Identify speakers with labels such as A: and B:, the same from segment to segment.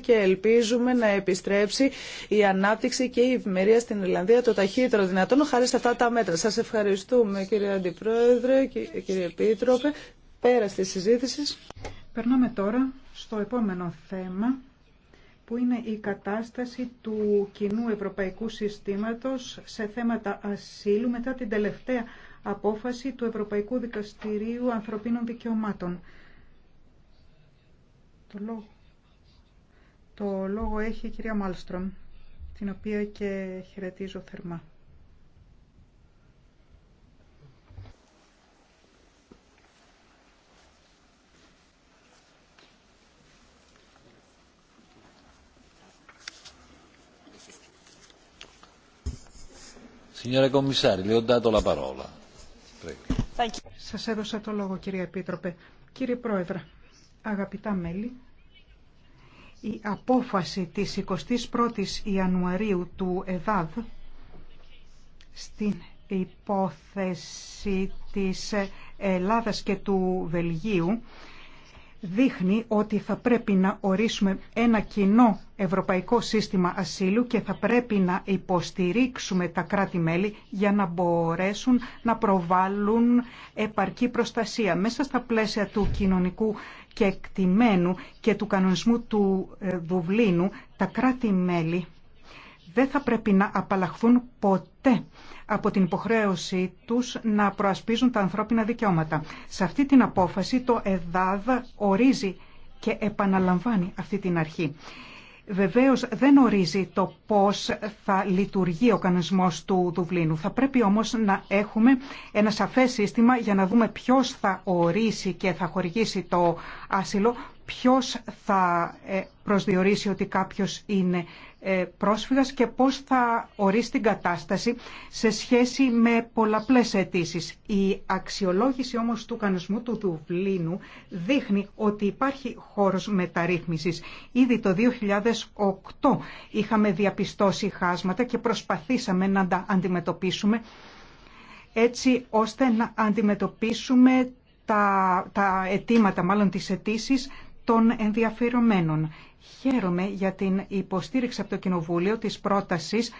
A: και ελπίζουμε να επιστρέψει η ανάπτυξη και η ευημερία στην Ιρλανδία το ταχύτερο δυνατόν χάρη σε αυτά τα μέτρα. Σας ευχαριστούμε κύριε Αντιπρόεδρε, κύριε Επίτροπε. Πέρα τη συζήτηση.
B: Περνάμε τώρα στο επόμενο θέμα που είναι η κατάσταση του κοινού ευρωπαϊκού συστήματος σε θέματα ασύλου μετά την τελευταία απόφαση του Ευρωπαϊκού Δικαστηρίου Ανθρωπίνων Δικαιωμάτων. Το το λόγο έχει η κυρία Μάλστρομ, την οποία και χαιρετίζω θερμά. Σας έδωσα το λόγο κυρία Επίτροπε. Κύριε Πρόεδρε, αγαπητά μέλη, η απόφαση της 21ης Ιανουαρίου του ΕΔΑΔ στην υπόθεση της Ελλάδας και του Βελγίου δείχνει ότι θα πρέπει να ορίσουμε ένα κοινό ευρωπαϊκό σύστημα ασύλου και θα πρέπει να υποστηρίξουμε τα κράτη-μέλη για να μπορέσουν να προβάλλουν επαρκή προστασία μέσα στα πλαίσια του κοινωνικού και εκτιμένου και του κανονισμού του ε, Δουβλίνου τα κράτη-μέλη δεν θα πρέπει να απαλλαχθούν ποτέ από την υποχρέωσή τους να προασπίζουν τα ανθρώπινα δικαιώματα. Σε αυτή την απόφαση το ΕΔΑΔ ορίζει και επαναλαμβάνει αυτή την αρχή. Βεβαίως δεν ορίζει το πώς θα λειτουργεί ο κανονισμός του Δουβλίνου. Θα πρέπει όμως να έχουμε ένα σαφές σύστημα για να δούμε ποιος θα ορίσει και θα χορηγήσει το άσυλο, ποιος θα ε, προσδιορίσει ότι κάποιος είναι ε, πρόσφυγας και πώς θα ορίσει την κατάσταση σε σχέση με πολλαπλές αιτήσει. Η αξιολόγηση όμως του κανονισμού του Δουβλίνου δείχνει ότι υπάρχει χώρος μεταρρύθμισης. Ήδη το 2008 είχαμε διαπιστώσει χάσματα και προσπαθήσαμε να τα αντιμετωπίσουμε έτσι ώστε να αντιμετωπίσουμε τα, τα αιτήματα, μάλλον τις αιτήσει των ενδιαφερομένων. Χαίρομαι για την υποστήριξη από το Κοινοβούλιο της πρότασης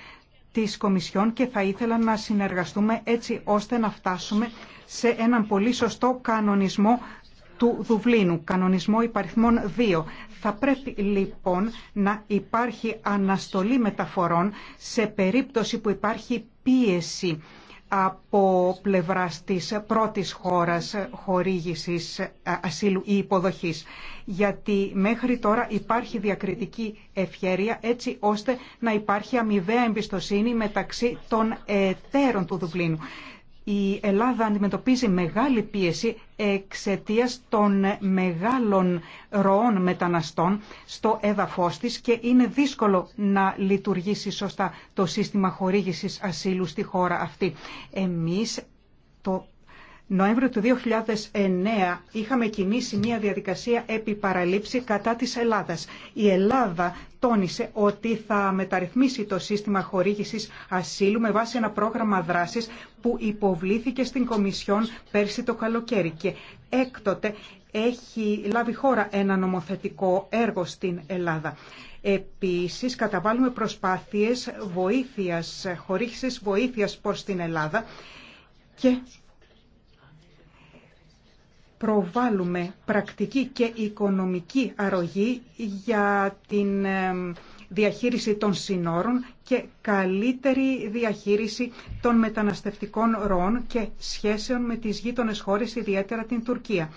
B: της Κομισιόν και θα ήθελα να συνεργαστούμε έτσι ώστε να φτάσουμε σε έναν πολύ σωστό κανονισμό του Δουβλίνου, κανονισμό υπαριθμών 2. Θα πρέπει λοιπόν να υπάρχει αναστολή μεταφορών σε περίπτωση που υπάρχει πίεση από πλευράς της πρώτης χώρας χορήγησης ε, ασύλου ή υποδοχής. Γιατί μέχρι τώρα υπάρχει διακριτική ευχέρεια έτσι ώστε να υπάρχει αμοιβαία εμπιστοσύνη μεταξύ των εταίρων του Δουβλίνου η Ελλάδα αντιμετωπίζει μεγάλη πίεση εξαιτίας των μεγάλων ροών μεταναστών στο έδαφος της και είναι δύσκολο να λειτουργήσει σωστά το σύστημα χορήγησης ασύλου στη χώρα αυτή. Εμείς το Νοέμβριο του 2009 είχαμε κινήσει μια διαδικασία επί παραλήψη κατά της Ελλάδας. Η Ελλάδα τόνισε ότι θα μεταρρυθμίσει το σύστημα χορήγησης ασύλου με βάση ένα πρόγραμμα δράσης που υποβλήθηκε στην Κομισιόν πέρσι το καλοκαίρι και έκτοτε έχει λάβει χώρα ένα νομοθετικό έργο στην Ελλάδα. Επίσης, καταβάλουμε προσπάθειες βοήθειας, χορήγησης βοήθειας προς την Ελλάδα και προβάλλουμε πρακτική και οικονομική αρρωγή για την ε, διαχείριση των συνόρων και καλύτερη διαχείριση των μεταναστευτικών ροών και σχέσεων με τις γείτονες χώρες, ιδιαίτερα την Τουρκία.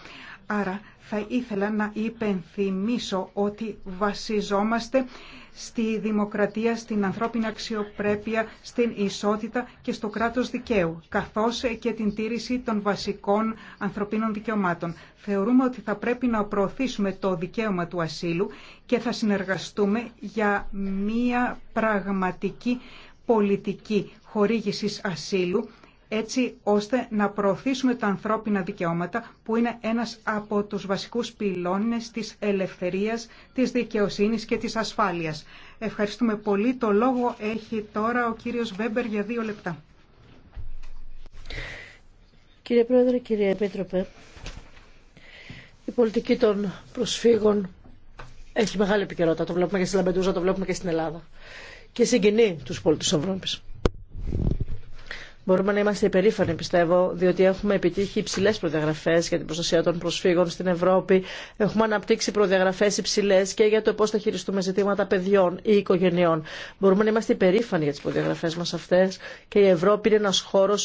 B: Άρα θα ήθελα να υπενθυμίσω ότι βασιζόμαστε στη δημοκρατία, στην ανθρώπινη αξιοπρέπεια, στην ισότητα και στο κράτος δικαίου, καθώς και την τήρηση των βασικών ανθρωπίνων δικαιωμάτων. Θεωρούμε ότι θα πρέπει να προωθήσουμε το δικαίωμα του ασύλου και θα συνεργαστούμε για μία πραγματική πολιτική χορήγησης ασύλου έτσι ώστε να προωθήσουμε τα ανθρώπινα δικαιώματα που είναι ένας από τους βασικούς πυλώνες της ελευθερίας, της δικαιοσύνης και της ασφάλειας. Ευχαριστούμε πολύ. Το λόγο έχει τώρα ο κύριος Βέμπερ για δύο
C: λεπτά. Κύριε Πρόεδρε, κύριε Επίτροπε, η πολιτική των προσφύγων έχει μεγάλη επικαιρότητα. Το βλέπουμε και στην Λαμπεντούζα, το βλέπουμε και στην Ελλάδα. Και συγκινεί τους πολίτες της Ευρώπης. Μπορούμε να είμαστε υπερήφανοι, πιστεύω, διότι έχουμε επιτύχει υψηλέ προδιαγραφέ για την προστασία των προσφύγων στην Ευρώπη. Έχουμε αναπτύξει προδιαγραφέ υψηλέ και για το πώ θα χειριστούμε ζητήματα παιδιών ή οικογενειών. Μπορούμε να είμαστε υπερήφανοι για τι προδιαγραφέ μα αυτέ και η Ευρώπη είναι ένα χώρο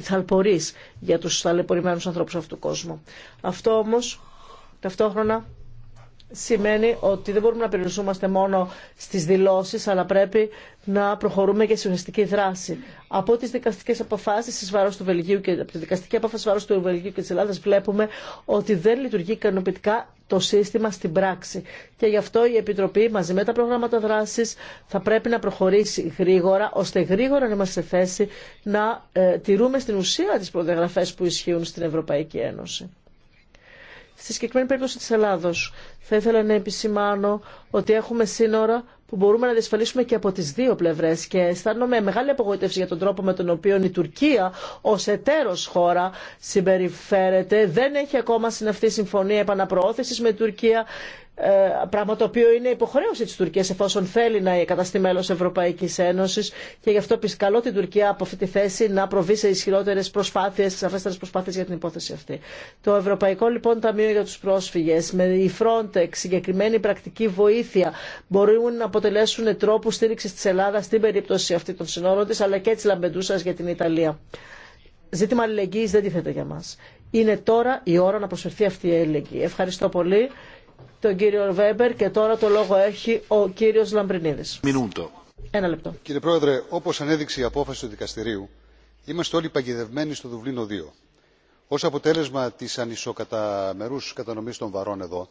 C: θαλπορή για του ταλαιπωρημένου ανθρώπου αυτού του κόσμου. Αυτό όμω ταυτόχρονα σημαίνει ότι δεν μπορούμε να περιοριζόμαστε μόνο στις δηλώσεις, αλλά πρέπει να προχωρούμε και σε δράση. Από τις δικαστικές αποφάσεις εις βάρος του Βελγίου και από τη δικαστική απόφαση βάρος του Βελγίου και της Ελλάδας βλέπουμε ότι δεν λειτουργεί ικανοποιητικά το σύστημα στην πράξη. Και γι' αυτό η Επιτροπή μαζί με τα προγράμματα δράσης θα πρέπει να προχωρήσει γρήγορα, ώστε γρήγορα να είμαστε σε θέση να ε, τηρούμε στην ουσία τις προδιαγραφές που ισχύουν στην Ευρωπαϊκή Ένωση. Στη συγκεκριμένη περίπτωση της Ελλάδος θα ήθελα να επισημάνω ότι έχουμε σύνορα που μπορούμε να διασφαλίσουμε και από τις δύο πλευρές και αισθάνομαι μεγάλη απογοήτευση για τον τρόπο με τον οποίο η Τουρκία ως εταίρος χώρα συμπεριφέρεται. Δεν έχει ακόμα συναυτή συμφωνία επαναπροώθησης με την Τουρκία. Ε, πράγμα το οποίο είναι υποχρέωση της Τουρκίας εφόσον θέλει να καταστεί μέλος Ευρωπαϊκής Ένωσης και γι' αυτό καλώ την Τουρκία από αυτή τη θέση να προβεί σε ισχυρότερες προσπάθειες, σαφέστερες προσπάθειες για την υπόθεση αυτή. Το Ευρωπαϊκό λοιπόν Ταμείο για τους Πρόσφυγες με η Frontex, συγκεκριμένη πρακτική βοήθεια μπορούν να αποτελέσουν τρόπου στήριξης της Ελλάδας στην περίπτωση αυτή των συνόρων της αλλά και της Λαμπεντούσας για την Ιταλία. Ζήτημα αλληλεγγύης δεν τίθεται για μας. Είναι τώρα η ώρα να προσφερθεί αυτή η αλληλεγγύη. Ευχαριστώ πολύ τον κύριο Βέμπερ και τώρα το λόγο
D: έχει ο κύριος Λαμπρινίδης. Μινούτο. Ένα λεπτό. Κύριε Πρόεδρε, όπως ανέδειξε η απόφαση του δικαστηρίου, είμαστε όλοι παγιδευμένοι στο Δουβλίνο 2. Ως αποτέλεσμα της ανισοκαταμερούς κατανομής των βαρών εδώ,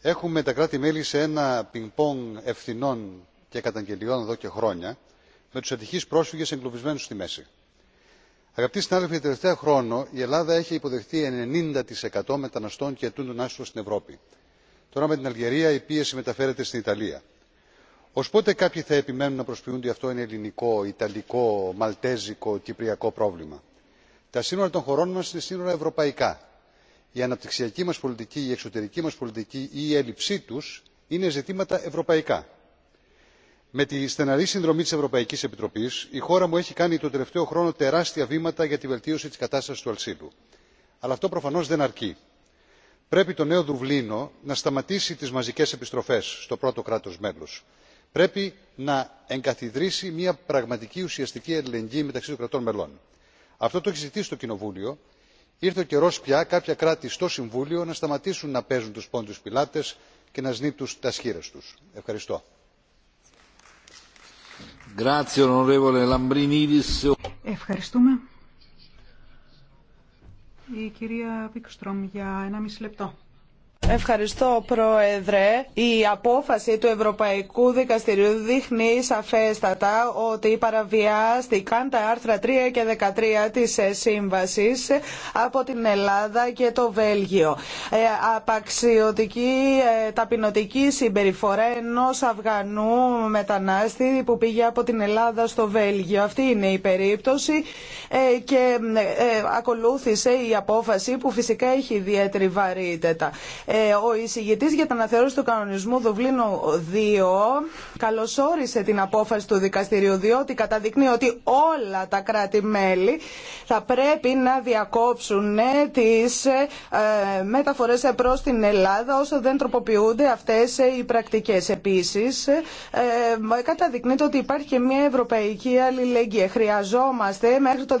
D: έχουμε τα κράτη-μέλη σε ένα πινκ-πονγκ ευθυνών και καταγγελιών εδώ και χρόνια, με τους ατυχείς πρόσφυγες εγκλωβισμένους στη μέση. Αγαπητοί συνάδελφοι, τελευταία χρόνο η Ελλάδα έχει υποδεχτεί 90% μεταναστών και ετούντων άσυλο στην Ευρώπη τώρα με την αλγερία η πίεση μεταφέρεται στην ιταλία. ω πότε κάποιοι θα επιμένουν να προσποιούνται ότι αυτό είναι ελληνικό ιταλικό μαλτέζικο κυπριακό πρόβλημα. τα σύνορα των χωρών μα είναι σύνορα ευρωπαϊκά. η αναπτυξιακή μα πολιτική η εξωτερική μα πολιτική ή η έλλειψή του είναι ζητήματα ευρωπαϊκά. με τη στεναρή συνδρομή τη ευρωπαϊκή επιτροπή η χώρα μου έχει κάνει τον τελευταίο χρόνο τεράστια βήματα για τη βελτίωση τη κατάσταση του αλλά αυτό προφανώ δεν αρκεί πρέπει το νέο δουβλίνο να σταματήσει τις μαζικές επιστροφές στο πρώτο κράτος μέλος πρέπει να εγκαθιδρύσει μια πραγματική ουσιαστική αλληλεγγύη μεταξύ των κρατών μελών. αυτό το έχει ζητήσει το κοινοβούλιο. ήρθε ο καιρός πια κάποια κράτη στο συμβούλιο να σταματήσουν να παίζουν τους πόντιους πιλάτες και να σνίπτουν τα σχήρες τους. ευχαριστώ
A: η κυρία Βίκστρομ για ένα μισή λεπτό. Ευχαριστώ, Πρόεδρε. Η απόφαση του Ευρωπαϊκού Δικαστηρίου δείχνει σαφέστατα ότι παραβιάστηκαν τα άρθρα 3 και 13 της ε, Σύμβασης από την Ελλάδα και το Βέλγιο. Ε, απαξιωτική ε, ταπεινωτική συμπεριφορά ενός Αυγανού μετανάστη που πήγε από την Ελλάδα στο Βέλγιο. Αυτή είναι η περίπτωση και ακολούθησε η απόφαση που φυσικά έχει ιδιαίτερη βαρύτητα. Ε, ο εισηγητής για την αναθεώρηση του κανονισμού Δουβλίνου 2 καλωσόρισε την απόφαση του δικαστηρίου διότι καταδεικνύει ότι όλα τα κράτη-μέλη θα πρέπει να διακόψουν ε, τις ε, μεταφορές προς την Ελλάδα όσο δεν τροποποιούνται αυτές οι πρακτικές. Επίσης, καταδεικνύεται ότι υπάρχει και μια ευρωπαϊκή αλληλεγγύη. Χρειαζόμαστε μέχρι το 2010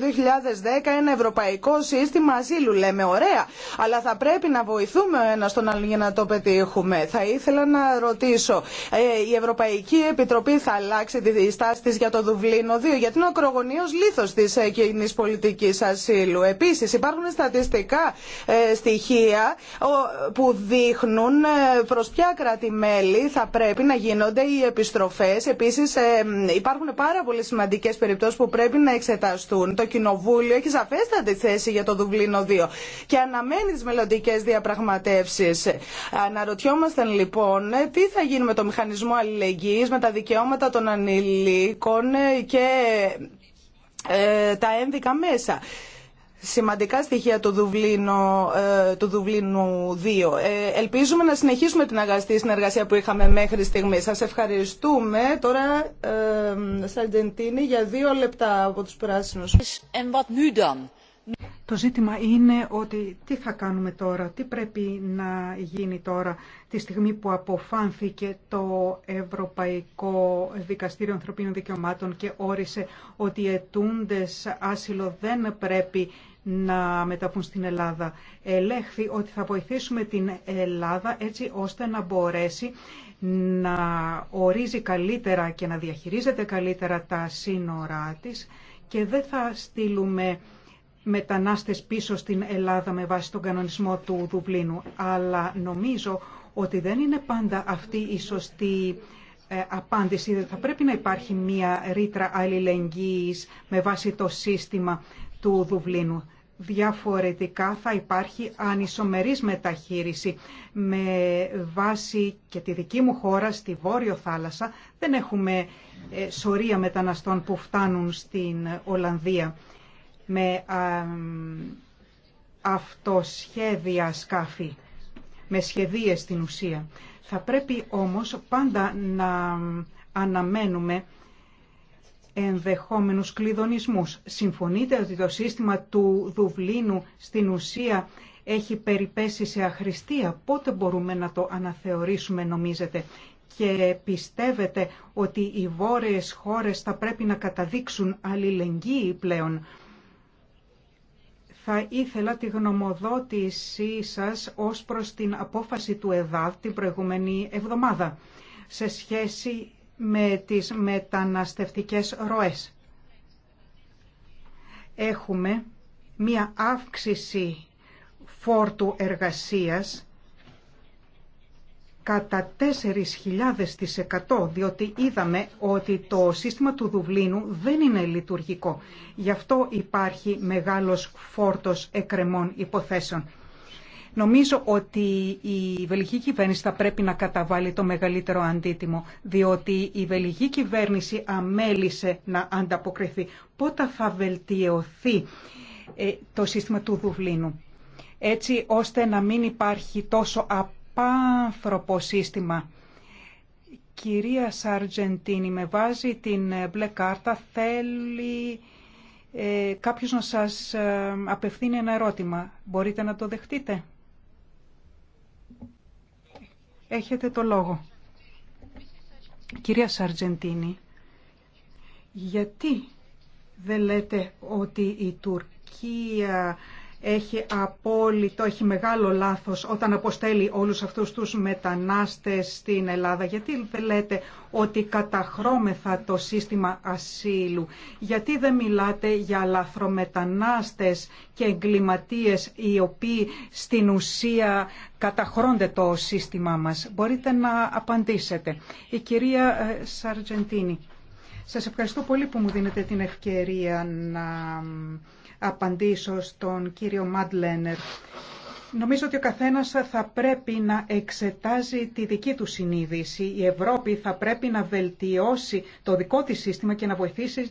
A: ένα ευρωπαϊκό σύστημα ασύλου, λέμε ωραία, αλλά θα πρέπει να βοηθούμε ένα για να το πετύχουμε. Θα ήθελα να ρωτήσω, ε, η Ευρωπαϊκή Επιτροπή θα αλλάξει τη στάση της για το Δουβλίνο 2, γιατί είναι ο ακρογωνίος λίθος της ε, κοινή πολιτικής ασύλου. Επίσης υπάρχουν στατιστικά ε, στοιχεία που δείχνουν προς ποια κράτη-μέλη θα πρέπει να γίνονται οι επιστροφές. Επίσης υπάρχουν πάρα πολύ σημαντικές περιπτώσεις που πρέπει να εξεταστούν. Το Κοινοβούλιο έχει σαφέστατη θέση για το Δουβλίνο 2 και αναμένει τις μελλοντικέ διαπραγματεύσεις. Ναρωτιόμαστε λοιπόν τι θα γίνει με το μηχανισμό αλληλεγγύης, με τα δικαιώματα των ανηλίκων και τα ένδικα μέσα. Σημαντικά στοιχεία του Δουβλίνου, του Δουβλίνου 2. ελπίζουμε να συνεχίσουμε την αγαστή συνεργασία που είχαμε μέχρι στιγμή. Σας ευχαριστούμε. Τώρα, ε, για δύο λεπτά από τους πράσινους. Το ζήτημα είναι ότι τι θα
B: κάνουμε τώρα, τι πρέπει να γίνει τώρα τη στιγμή που αποφάνθηκε το Ευρωπαϊκό Δικαστήριο Ανθρωπίνων Δικαιωμάτων και όρισε ότι οι ετούντες άσυλο δεν πρέπει να μεταφουν στην Ελλάδα. Ελέγχθη ότι θα βοηθήσουμε την Ελλάδα έτσι ώστε να μπορέσει να ορίζει καλύτερα και να διαχειρίζεται καλύτερα τα σύνορά της και δεν θα στείλουμε μετανάστες πίσω στην Ελλάδα με βάση τον κανονισμό του Δουβλίνου. Αλλά νομίζω ότι δεν είναι πάντα αυτή η σωστή ε, απάντηση. θα πρέπει να υπάρχει μία ρήτρα αλληλεγγύης με βάση το σύστημα του Δουβλίνου. Διαφορετικά θα υπάρχει ανισομερής μεταχείριση. Με βάση και τη δική μου χώρα, στη Βόρειο Θάλασσα, δεν έχουμε ε, σωρία μεταναστών που φτάνουν στην Ολλανδία με αυτοσχέδια σκάφη, με σχεδίες στην ουσία. Θα πρέπει όμως πάντα να αναμένουμε ενδεχόμενους κλειδονισμούς. Συμφωνείτε ότι το σύστημα του Δουβλίνου στην ουσία έχει περιπέσει σε αχρηστία. Πότε μπορούμε να το αναθεωρήσουμε νομίζετε και πιστεύετε ότι οι βόρειες χώρες θα πρέπει να καταδείξουν αλληλεγγύη πλέον θα ήθελα τη γνωμοδότησή σας ως προς την απόφαση του ΕΔΑΔ την προηγούμενη εβδομάδα σε σχέση με τις μεταναστευτικές ροές. Έχουμε μία αύξηση φόρτου εργασίας κατά 4.000% διότι είδαμε ότι το σύστημα του Δουβλίνου δεν είναι λειτουργικό. Γι' αυτό υπάρχει μεγάλος φόρτος εκκρεμών υποθέσεων. Νομίζω ότι η βελγική κυβέρνηση θα πρέπει να καταβάλει το μεγαλύτερο αντίτιμο, διότι η βελγική κυβέρνηση αμέλησε να ανταποκριθεί. Πότε θα βελτιωθεί ε, το σύστημα του Δουβλίνου, έτσι ώστε να μην υπάρχει τόσο απάνθρωπο σύστημα. Κυρία Σαρτζεντίνη, με βάζει την ε, μπλε κάρτα, θέλει ε, κάποιος να σας ε, απευθύνει ένα ερώτημα. Μπορείτε να το δεχτείτε. Έχετε το λόγο. Κυρία Σαρτζεντίνη, γιατί δεν λέτε ότι η Τουρκία έχει απόλυτο, έχει μεγάλο λάθος όταν αποστέλει όλους αυτούς τους μετανάστες στην Ελλάδα. Γιατί λέτε ότι καταχρώμεθα το σύστημα ασύλου. Γιατί δεν μιλάτε για λαθρομετανάστες και εγκληματίες οι οποίοι στην ουσία καταχρώνται το σύστημά μας. Μπορείτε να απαντήσετε. Η κυρία ε, Σαρτζεντίνη. Σας ευχαριστώ πολύ που μου δίνετε την ευκαιρία να απαντήσω στον κύριο Μαντλένερ. Νομίζω ότι ο καθένας θα πρέπει να εξετάζει τη δική του συνείδηση. Η Ευρώπη θα πρέπει να βελτιώσει το δικό της σύστημα και να βοηθήσει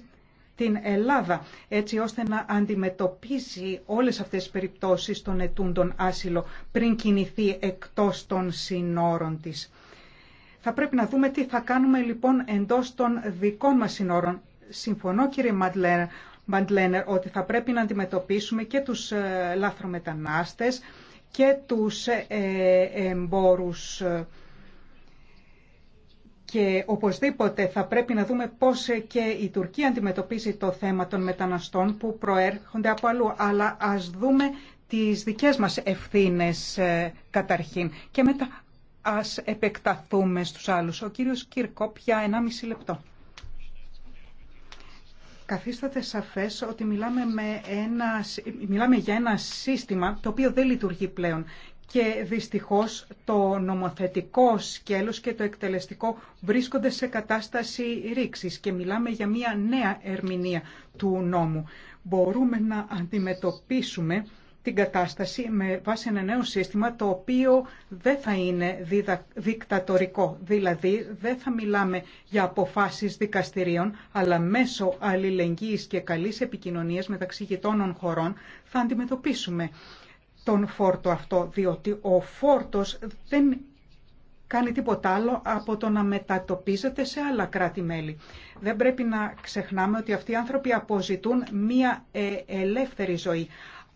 B: την Ελλάδα, έτσι ώστε να αντιμετωπίσει όλες αυτές τις περιπτώσεις των ετούντων άσυλο πριν κινηθεί εκτός των συνόρων της. Θα πρέπει να δούμε τι θα κάνουμε λοιπόν εντός των δικών μας συνόρων. Συμφωνώ κύριε Μαντλέρα ότι θα πρέπει να αντιμετωπίσουμε και τους ε, λάθρομετανάστες και τους ε, ε, εμπόρους και οπωσδήποτε θα πρέπει να δούμε πώς και η Τουρκία αντιμετωπίζει το θέμα των μεταναστών που προέρχονται από αλλού. Αλλά ας δούμε τις δικές μας ευθύνες καταρχήν και μετά ας επεκταθούμε στους άλλους. Ο κύριος Κύρκο, πια 1,5 λεπτό καθίσταται σαφές ότι μιλάμε, με ένα, μιλάμε για ένα σύστημα το οποίο δεν λειτουργεί πλέον και δυστυχώς το νομοθετικό σκέλος και το εκτελεστικό βρίσκονται σε κατάσταση ρήξης και μιλάμε για μια νέα ερμηνεία του νόμου. Μπορούμε να αντιμετωπίσουμε την κατάσταση με βάση ένα νέο σύστημα το οποίο δεν θα είναι δικτατορικό. Δηλαδή δεν θα μιλάμε για αποφάσεις δικαστηρίων, αλλά μέσω αλληλεγγύης και καλής επικοινωνίας μεταξύ γειτόνων χωρών θα αντιμετωπίσουμε τον φόρτο αυτό, διότι ο φόρτος δεν κάνει τίποτα άλλο από το να μετατοπίζεται σε άλλα κράτη-μέλη. Δεν πρέπει να ξεχνάμε ότι αυτοί οι άνθρωποι αποζητούν μία ε, ελεύθερη ζωή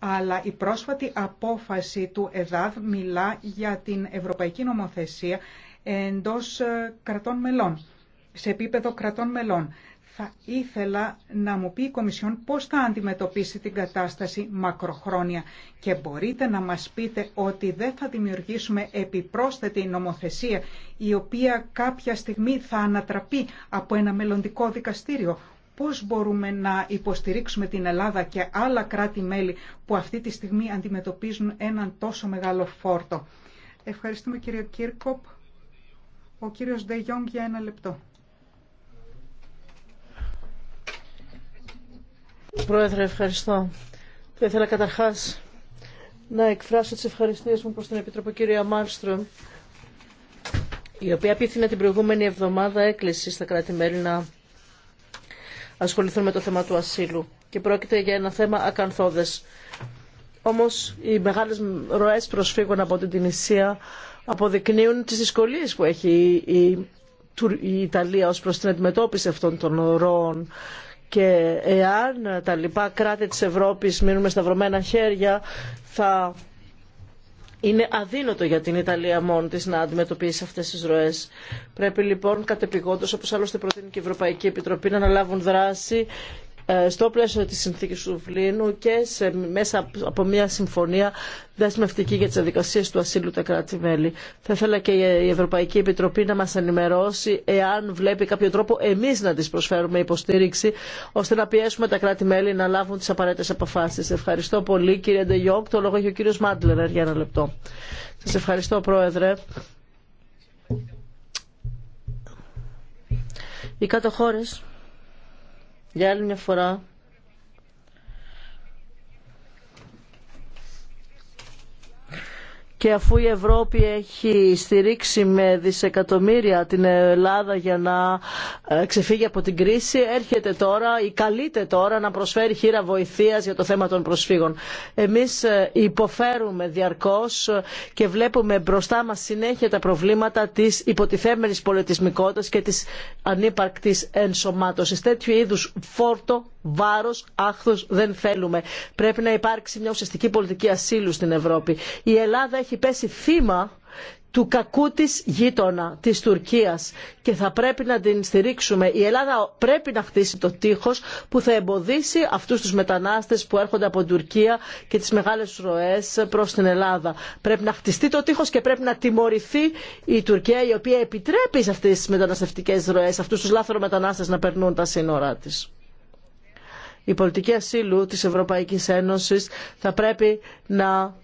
B: αλλά η πρόσφατη απόφαση του ΕΔΑΔ μιλά για την ευρωπαϊκή νομοθεσία εντός ε, κρατών μελών, σε επίπεδο κρατών μελών. Θα ήθελα να μου πει η Κομισιόν πώς θα αντιμετωπίσει την κατάσταση μακροχρόνια και μπορείτε να μας πείτε ότι δεν θα δημιουργήσουμε επιπρόσθετη νομοθεσία η οποία κάποια στιγμή θα ανατραπεί από ένα μελλοντικό δικαστήριο πώς μπορούμε να υποστηρίξουμε την Ελλάδα και άλλα κράτη-μέλη που αυτή τη στιγμή αντιμετωπίζουν έναν τόσο μεγάλο φόρτο. Ευχαριστούμε κύριο Κίρκοπ. Ο κύριος Ντε για
C: ένα λεπτό. Πρόεδρε, ευχαριστώ. Θα ήθελα καταρχάς να εκφράσω τις ευχαριστίες μου προς την Επιτροπή κυρία Μάρστρομ η οποία πήθηνε την προηγούμενη εβδομάδα έκκληση στα κράτη-μέλη να ασχοληθούν με το θέμα του ασύλου και πρόκειται για ένα θέμα ακανθόδες. Όμως οι μεγάλες ροέ προσφύγων από την Τινησία αποδεικνύουν τις δυσκολίε που έχει η, η Ιταλία ως προς την αντιμετώπιση αυτών των ροών και εάν τα λοιπά κράτη της Ευρώπης μείνουν με σταυρωμένα χέρια θα είναι αδύνατο για την Ιταλία μόνη της να αντιμετωπίσει αυτές τις ροές. Πρέπει λοιπόν κατεπηγόντως, όπως άλλωστε προτείνει και η Ευρωπαϊκή Επιτροπή, να αναλάβουν δράση ε, στο πλαίσιο της συνθήκης του Βλήνου και σε, μέσα από μια συμφωνία δεσμευτική για τις διαδικασίες του ασύλου τα κράτη-μέλη. Θα ήθελα και η Ευρωπαϊκή Επιτροπή να μας ενημερώσει εάν βλέπει κάποιο τρόπο εμείς να της προσφέρουμε υποστήριξη ώστε να πιέσουμε τα κράτη-μέλη να λάβουν τις απαραίτητες αποφάσεις. Ευχαριστώ πολύ κύριε Ντεγιόγκ. Το λόγο έχει ο κύριος Μάντλερ για ένα λεπτό. Σας ευχαριστώ Πρόεδρε. Οι κάτω για άλλη μια φορά και αφού η Ευρώπη έχει στηρίξει με δισεκατομμύρια την Ελλάδα για να ε, ξεφύγει από την κρίση, έρχεται τώρα ή καλείται τώρα να προσφέρει χείρα βοηθείας για το θέμα των προσφύγων. Εμείς ε, υποφέρουμε διαρκώς και βλέπουμε μπροστά μας συνέχεια τα προβλήματα της υποτιθέμενης πολιτισμικότητας και της ανύπαρκτης ενσωμάτωσης. Τέτοιου είδους φόρτο βάρος, άχθο δεν θέλουμε. Πρέπει να υπάρξει μια ουσιαστική πολιτική ασύλου στην Ευρώπη. Η Ελλάδα έχει πέσει θύμα του κακού της γείτονα, της Τουρκίας και θα πρέπει να την στηρίξουμε. Η Ελλάδα πρέπει να χτίσει το τείχος που θα εμποδίσει αυτούς τους μετανάστες που έρχονται από την Τουρκία και τις μεγάλες ροές προς την Ελλάδα. Πρέπει να χτιστεί το τείχος και πρέπει να τιμωρηθεί η Τουρκία η οποία επιτρέπει σε αυτές τις μεταναστευτικές ροές, αυτούς τους λάθρο μετανάστες να περνούν τα σύνορά της η πολιτική ασύλου της Ευρωπαϊκής Ένωσης θα πρέπει να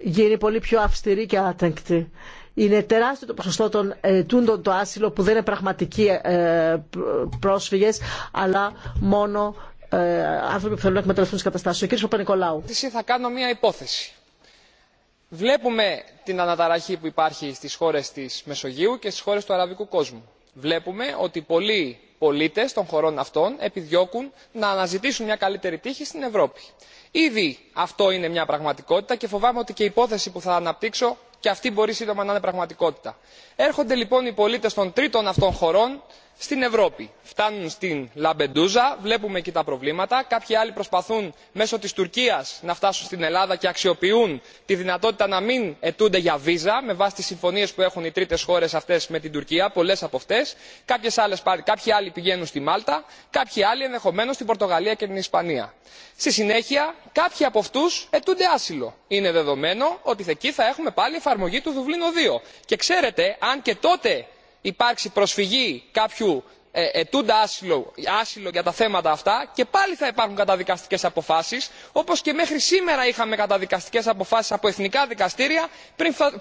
C: γίνει πολύ πιο αυστηρή και άτεγκτη. Είναι τεράστιο το ποσοστό των ετούντων το άσυλο που δεν είναι πραγματικοί ε, πρόσφυγες αλλά μόνο ε, άνθρωποι που θέλουν να εκμεταλλευτούν τις καταστάσεις. Ο κ. Παπα-Νικολάου.
E: Θα κάνω μία υπόθεση. Βλέπουμε την αναταραχή που υπάρχει στις χώρες της Μεσογείου και στις χώρες του αραβικού κόσμου. Βλέπουμε ότι πολλοί πολίτες των χωρών αυτών επιδιώκουν να αναζητήσουν μια καλύτερη τύχη στην ευρώπη. ήδη αυτό είναι μια πραγματικότητα και φοβάμαι ότι και η υπόθεση που θα αναπτύξω και αυτή μπορεί σύντομα να είναι πραγματικότητα. έρχονται λοιπόν οι πολίτες των τρίτων αυτών χωρών στην ευρώπη. φτάνουν στην λαμπεντούζα βλέπουμε εκεί τα προβλήματα κάποιοι άλλοι προσπαθούν μέσω της τουρκίας να φτάσουν στην ελλάδα και αξιοποιούν τη δυνατότητα να μην αιτούνται για βίζα με βάση τις συμφωνίες που έχουν οι τρίτες χώρες αυτές με την τουρκία πολλές από αυτές κάποιοι άλλοι πηγαίνουν στη μάλτα κάποιοι άλλοι ενδεχομένως στην πορτογαλία και την ισπανία. στη συνέχεια κάποιοι από αυτούς αιτούνται άσυλο. είναι δεδομένο ότι εκεί θα έχουμε πάλι εφαρμογή του δουβλίνου 2. και ξέρετε αν και τότε υπάρξει προσφυγή κάποιου ε, ετούντα άσυλο για τα θέματα αυτά και πάλι θα υπάρχουν καταδικαστικές αποφάσεις όπως και μέχρι σήμερα είχαμε καταδικαστικές αποφάσεις από εθνικά δικαστήρια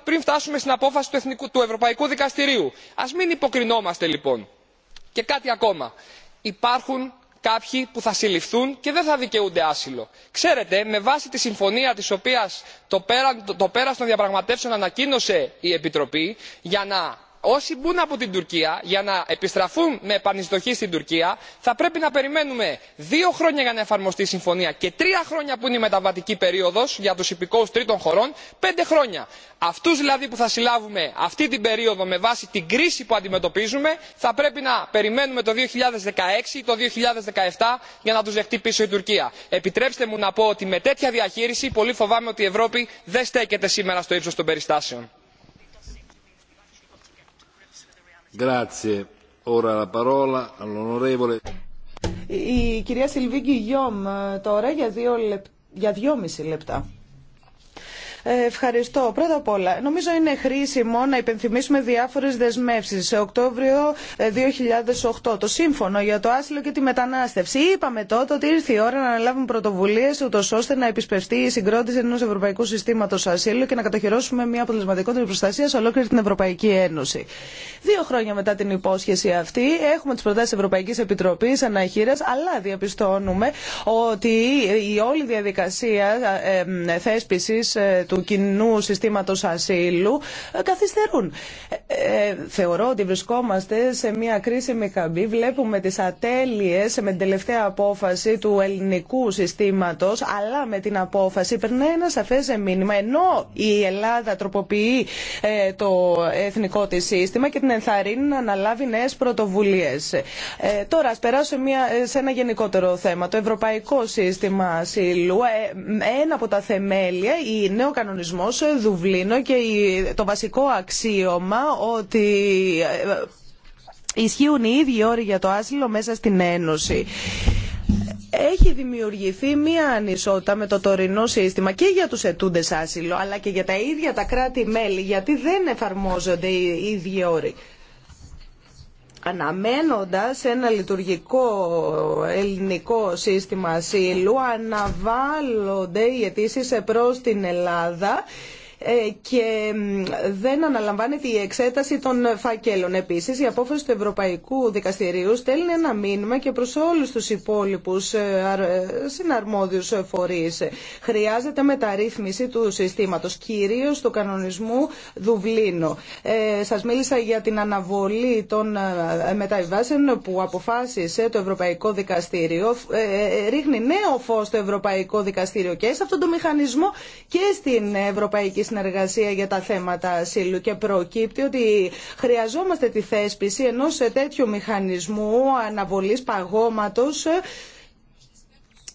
E: πριν φτάσουμε στην απόφαση του ευρωπαϊκού δικαστηρίου. ας μην υποκρινόμαστε λοιπόν. και κάτι ακόμα υπάρχουν κάποιοι που θα συλληφθούν και δεν θα δικαιούνται άσυλο. ξέρετε με βάση τη συμφωνία την οποία το πέρας των διαπραγματεύσεων ανακοίνωσε η επιτροπή για να όσοι μπουν από την τουρκία για να επιστραφούν με επανεισδοχή στην τουρκία θα πρέπει να περιμένουμε δύο χρόνια για να εφαρμοστεί η συμφωνία και τρία χρόνια που είναι η μεταβατική περίοδο για του υπηκόου τρίτων χωρών πέντε χρόνια. Αυτού δηλαδή που θα συλλάβουμε αυτή την περίοδο με βάση την κρίση που αντιμετωπίζουμε θα πρέπει να περιμένουμε το 2016 ή το 2017 για να του δεχτεί πίσω η τουρκία. επιτρέψτε μου να πω ότι με τέτοια διαχείριση πολύ φοβάμαι ότι η ευρώπη δεν στέκεται σήμερα στο ύψο των περιστάσεων.
A: Η κυρία Σιλβίγκη Γιόμ ε, τώρα για δύο, λεπ... για δυόμιση λεπτά. Ευχαριστώ. Πρώτα απ' όλα, νομίζω είναι χρήσιμο να υπενθυμίσουμε διάφορε δεσμεύσει. Σε Οκτώβριο 2008, ε, το σύμφωνο για το άσυλο και τη μετανάστευση. Είπαμε τότε ότι ήρθε η ώρα να αναλάβουμε πρωτοβουλίε, ούτω ώστε να επισπευτεί η συγκρότηση ενό ευρωπαϊκού συστήματο ασύλου και να κατοχυρώσουμε μια αποτελεσματικότερη προστασία σε ολόκληρη την Ευρωπαϊκή Ένωση. Δύο χρόνια μετά την υπόσχεση αυτή, έχουμε τι προτάσει Ευρωπαϊκή Επιτροπή Αναχείρα, αλλά διαπιστώνουμε ότι η όλη διαδικασία ε, ε, θέσπιση του κοινού συστήματος ασύλου ε, καθυστερούν. Ε, ε, θεωρώ ότι βρισκόμαστε σε μια κρίσιμη καμπή. Βλέπουμε τις ατέλειες με την τελευταία απόφαση του ελληνικού συστήματος, αλλά με την απόφαση περνάει ένα σαφέ μήνυμα, ενώ η Ελλάδα τροποποιεί το εθνικό τη σύστημα και την ενθαρρύνει να αναλάβει νέες πρωτοβουλίες. Τώρα, ας περάσω σε ένα γενικότερο θέμα. Το ευρωπαϊκό σύστημα ασύλου, ένα από τα θεμέλια, η νέο κανονισμός ε, Δουβλίνο και το βασικό αξίωμα ότι ε, ισχύουν οι ίδιοι όροι για το άσυλο μέσα στην Ένωση. Έχει δημιουργηθεί μία ανισότητα με το τωρινό σύστημα και για τους ετούντες άσυλο αλλά και για τα ίδια τα κράτη-μέλη γιατί δεν εφαρμόζονται οι ίδιοι όροι αναμένοντας ένα λειτουργικό ελληνικό σύστημα ασύλου αναβάλλονται οι αιτήσει προς την Ελλάδα ε, και δεν αναλαμβάνεται η εξέταση των φακέλων. Επίσης, η απόφαση του Ευρωπαϊκού Δικαστηρίου στέλνει ένα μήνυμα και προς όλους τους υπόλοιπους ε, ε, συναρμόδιους φορείς. Χρειάζεται μεταρρύθμιση του συστήματος, κυρίως του κανονισμού Δουβλίνο. Ε, σας μίλησα για την αναβολή των μεταβιβάσεων που αποφάσισε το Ευρωπαϊκό Δικαστήριο. Ε, ρίχνει νέο φως το Ευρωπαϊκό Δικαστήριο και σε αυτόν τον μηχανισμό και στην Ευρωπαϊκή συνεργασία για τα θέματα ασύλου και προκύπτει ότι χρειαζόμαστε τη θέσπιση ενός τέτοιου μηχανισμού αναβολής παγώματος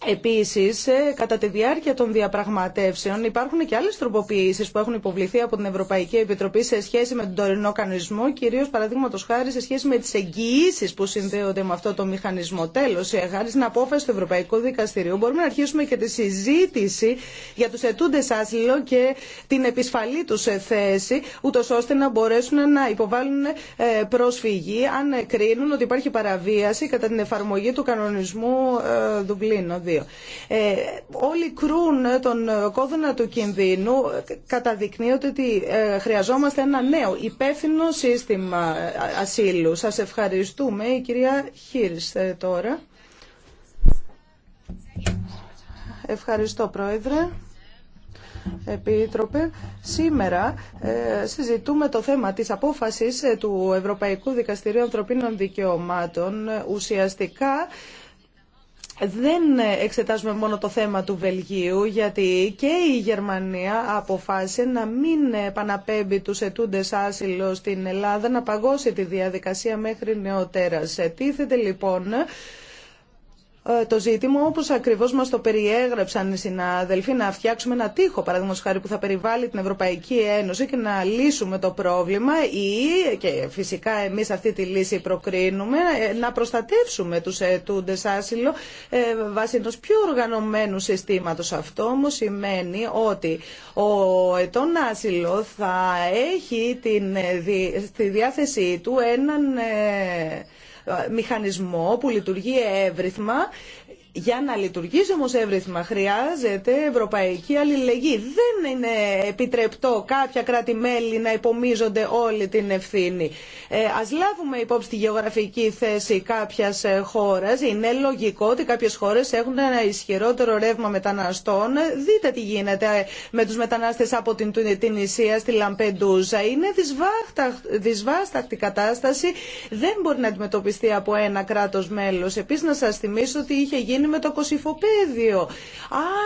A: Επίσης, ε, κατά τη διάρκεια των διαπραγματεύσεων υπάρχουν και άλλες τροποποιήσεις που έχουν υποβληθεί από την Ευρωπαϊκή Επιτροπή σε σχέση με τον τωρινό κανονισμό, κυρίως παραδείγματος χάρη σε σχέση με τις εγγυήσεις που συνδέονται με αυτό το μηχανισμό. Τέλος, ε, χάρη στην απόφαση του Ευρωπαϊκού Δικαστηρίου μπορούμε να αρχίσουμε και τη συζήτηση για τους ετούντες άσυλο και την επισφαλή τους ε, θέση, ούτω ώστε να μπορέσουν να υποβάλουν προσφυγή αν κρίνουν ότι υπάρχει παραβίαση κατά την εφαρμογή του κανονισμού Δουμπλίνο. Ε, όλοι κρούν τον κόδωνα του κινδύνου, καταδεικνύεται ότι ε, χρειαζόμαστε ένα νέο υπεύθυνο σύστημα ε, ασύλου. Σας ευχαριστούμε. Η κυρία Χίρς τώρα. Ευχαριστώ Πρόεδρε. Επίτροπε, σήμερα ε, συζητούμε το θέμα της απόφασης του Ευρωπαϊκού Δικαστηρίου Ανθρωπίνων Δικαιωμάτων. Ουσιαστικά δεν εξετάζουμε μόνο το θέμα του Βελγίου, γιατί και η Γερμανία αποφάσισε να μην επαναπέμπει τους ετούντες άσυλο στην Ελλάδα, να παγώσει τη διαδικασία μέχρι νεοτέρας. Τίθεται λοιπόν ε, το ζήτημα όπως ακριβώς μας το περιέγραψαν οι συνάδελφοι να φτιάξουμε ένα τείχο παραδείγματος χάρη που θα περιβάλλει την Ευρωπαϊκή Ένωση και να λύσουμε το πρόβλημα ή και φυσικά εμείς αυτή τη λύση προκρίνουμε ε, να προστατεύσουμε του ετούντες άσυλο ε, βάσει ενό πιο οργανωμένου συστήματος. Αυτό όμω σημαίνει ότι ο ετών άσυλο θα έχει την, στη διάθεσή του έναν μηχανισμό που λειτουργεί εύρυθμα για να λειτουργήσει όμως εύρυθμα χρειάζεται ευρωπαϊκή αλληλεγγύη. Δεν είναι επιτρεπτό κάποια κράτη-μέλη να υπομίζονται όλη την ευθύνη. Ε, ας λάβουμε υπόψη τη γεωγραφική θέση κάποιας ε, χώρας. Είναι λογικό ότι κάποιες χώρες έχουν ένα ισχυρότερο ρεύμα μεταναστών. Δείτε τι γίνεται ε, με τους μετανάστες από την, Ισία στη Λαμπεντούζα. Είναι δυσβάσταχτη κατάσταση. Δεν μπορεί να αντιμετωπιστεί από ένα κράτος μέλο. Επίσης να σας θυμίσω ότι είχε γίνει με το κοσυφοπέδιο.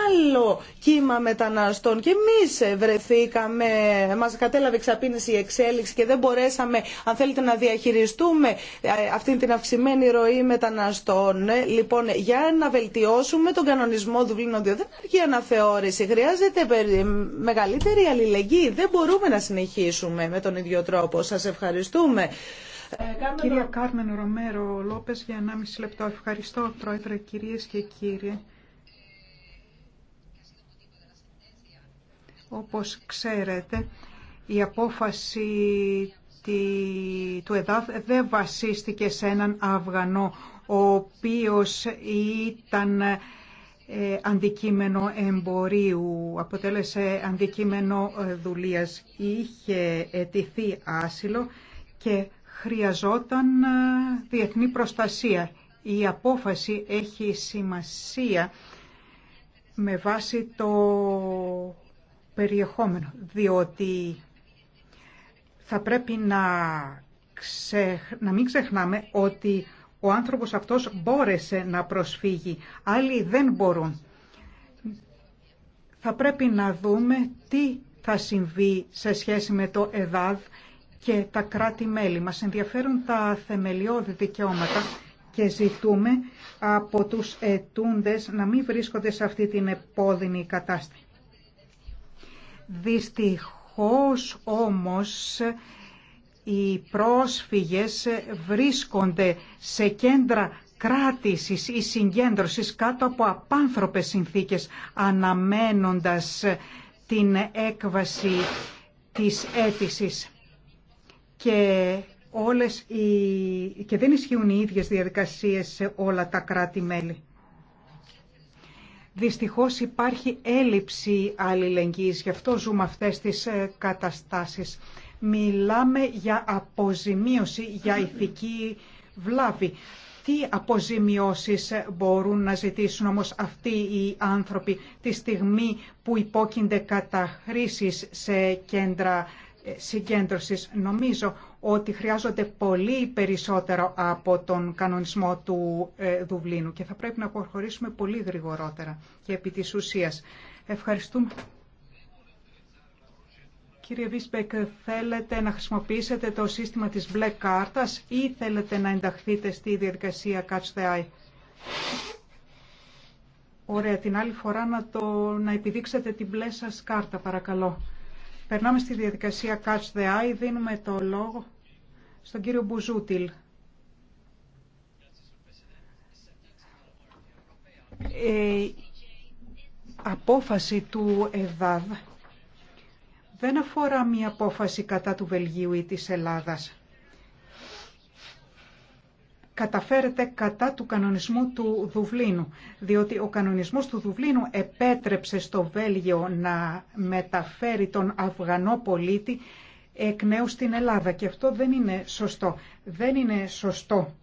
A: Άλλο κύμα μεταναστών. Και εμεί βρεθήκαμε, μα κατέλαβε εξαπίνηση η εξέλιξη και δεν μπορέσαμε, αν θέλετε, να διαχειριστούμε ε, αυτή την αυξημένη ροή μεταναστών. Ε, λοιπόν, για να βελτιώσουμε τον κανονισμό Δουβλίνο 2, δεν αρκεί αναθεώρηση. Χρειάζεται μεγαλύτερη αλληλεγγύη. Δεν μπορούμε να συνεχίσουμε με τον ίδιο τρόπο. Σα ευχαριστούμε. Ε, Κυρία
B: Κάρμεν Ρομέρο Λόπες για 1,5 λεπτό. Ευχαριστώ Πρόεδρε κυρίες και κύριοι. Όπως ξέρετε, η απόφαση του ΕΔΑΘ δεν βασίστηκε σε έναν Αυγανό, ο οποίος ήταν ε, αντικείμενο εμπορίου, αποτέλεσε αντικείμενο ε, δουλείας. Είχε αιτηθεί άσυλο και χρειαζόταν ε, διεθνή προστασία. Η απόφαση έχει σημασία με βάση το περιεχόμενο, διότι θα πρέπει να, να μην ξεχνάμε ότι ο άνθρωπος αυτός μπόρεσε να προσφύγει, άλλοι δεν μπορούν. Θα πρέπει να δούμε τι θα συμβεί σε σχέση με το ΕΔΑΔ και τα κράτη-μέλη. Μας ενδιαφέρουν τα θεμελιώδη δικαιώματα και ζητούμε από τους ετούντες να μην βρίσκονται σε αυτή την επώδυνη κατάσταση. Δυστυχώς όμως οι πρόσφυγες βρίσκονται σε κέντρα κράτησης ή συγκέντρωσης κάτω από απάνθρωπες συνθήκες αναμένοντας την έκβαση της αίτησης και, όλες οι... και δεν ισχύουν οι ίδιες διαδικασίες σε όλα τα κράτη-μέλη. Δυστυχώς υπάρχει έλλειψη αλληλεγγύης, γι' αυτό ζούμε αυτές τις ε, καταστάσεις. Μιλάμε για αποζημίωση, για ηθική βλάβη. Τι αποζημιώσεις ε, μπορούν να ζητήσουν όμως αυτοί οι άνθρωποι τη στιγμή που υπόκεινται κατά σε κέντρα συγκέντρωσης. Νομίζω ότι χρειάζονται πολύ περισσότερο από τον κανονισμό του ε, Δουβλίνου και θα πρέπει να προχωρήσουμε πολύ γρηγορότερα και επί της ουσίας. Ευχαριστούμε. Κύριε Βίσπεκ, θέλετε να χρησιμοποιήσετε το σύστημα της μπλε κάρτας ή θέλετε να ενταχθείτε στη διαδικασία Catch the Eye. Ωραία, την άλλη φορά να, το, να επιδείξετε την μπλε σας κάρτα, παρακαλώ. Περνάμε στη διαδικασία Catch the Eye. Δίνουμε το λόγο στον κύριο Μπουζούτιλ. Η ε, απόφαση του ΕΔΑΔ δεν αφορά μία απόφαση κατά του Βελγίου ή της Ελλάδας καταφέρεται κατά του κανονισμού του Δουβλίνου, διότι ο κανονισμός του Δουβλίνου επέτρεψε στο Βέλγιο να μεταφέρει τον Αφγανό πολίτη εκ νέου στην Ελλάδα και αυτό δεν είναι σωστό. Δεν είναι σωστό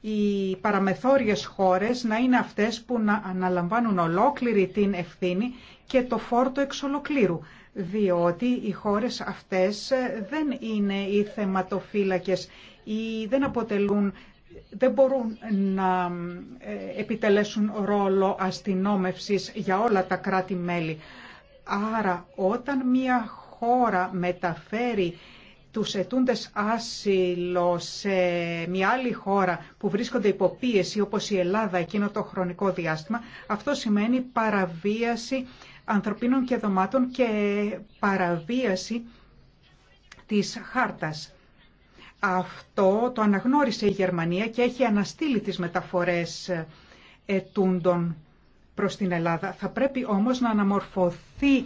B: οι παραμεθόριες χώρες να είναι αυτές που να αναλαμβάνουν ολόκληρη την ευθύνη και το φόρτο εξ ολοκλήρου, διότι οι χώρες αυτές δεν είναι οι θεματοφύλακες ή δεν αποτελούν δεν μπορούν να ε, επιτελέσουν ρόλο αστυνόμευσης για όλα τα κράτη-μέλη. Άρα όταν μια χώρα μεταφέρει τους ετούντες άσυλο σε μια άλλη χώρα που βρίσκονται υποπίεση όπως η Ελλάδα εκείνο το χρονικό διάστημα, αυτό σημαίνει παραβίαση ανθρωπίνων και δωμάτων και παραβίαση της χάρτας. Αυτό το αναγνώρισε η Γερμανία και έχει αναστείλει τις μεταφορές ε, ετούντων προς την Ελλάδα. Θα πρέπει όμως να αναμορφωθεί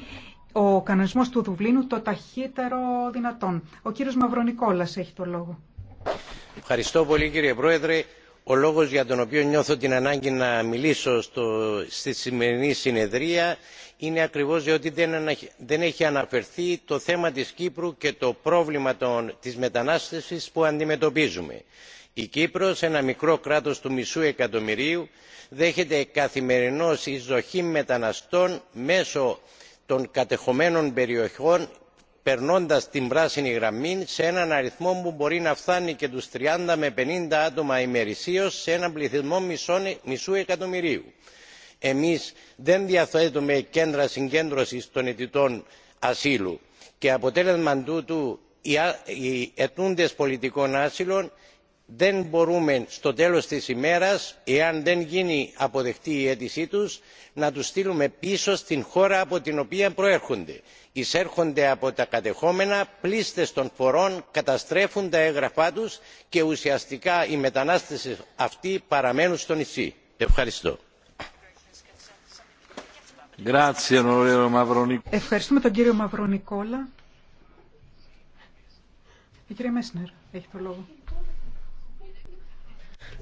B: ο κανονισμός του Δουβλίνου το ταχύτερο δυνατόν. Ο κύριος Μαυρονικόλας έχει το λόγο.
F: Ευχαριστώ πολύ κύριε Πρόεδρε ο λόγος για τον οποίο νιώθω την ανάγκη να μιλήσω στη σημερινή συνεδρία είναι ακριβώς διότι δεν έχει αναφερθεί το θέμα της κύπρου και το πρόβλημα της μετανάστευσης που αντιμετωπίζουμε. η κύπρος ένα μικρό κράτος του μισού εκατομμυρίου δέχεται καθημερινώς εισδοχή μεταναστών μέσω των κατεχομένων περιοχών περνώντας την πράσινη γραμμή σε έναν αριθμό που μπορεί να φτάνει και τους 30 με 50 άτομα ημερησίως σε έναν πληθυσμό μισού εκατομμυρίου. Εμείς δεν διαθέτουμε κέντρα συγκέντρωσης των αιτητών ασύλου και αποτέλεσμα τούτου οι αιτούντες πολιτικών άσυλων δεν μπορούμε στο τέλος της ημέρας εάν δεν γίνει αποδεκτή η αίτησή τους να τους στείλουμε πίσω στην χώρα από την οποία προέρχονται. εισέρχονται από τα κατεχόμενα πλήστες των φορών καταστρέφουν τα έγγραφά τους και ουσιαστικά οι μετανάστες αυτοί παραμένουν στο νησί. ευχαριστώ.
B: Ευχαριστούμε τον κύριο Μαυρονικόλα.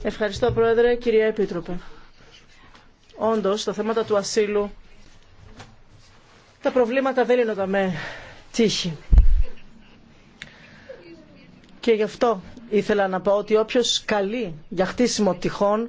C: Ευχαριστώ Πρόεδρε, κυρία Επίτροπε. Όντως, τα θέματα του ασύλου, τα προβλήματα δεν λύνονται με τύχη. Και γι' αυτό ήθελα να πω ότι όποιος καλεί για χτίσιμο τυχών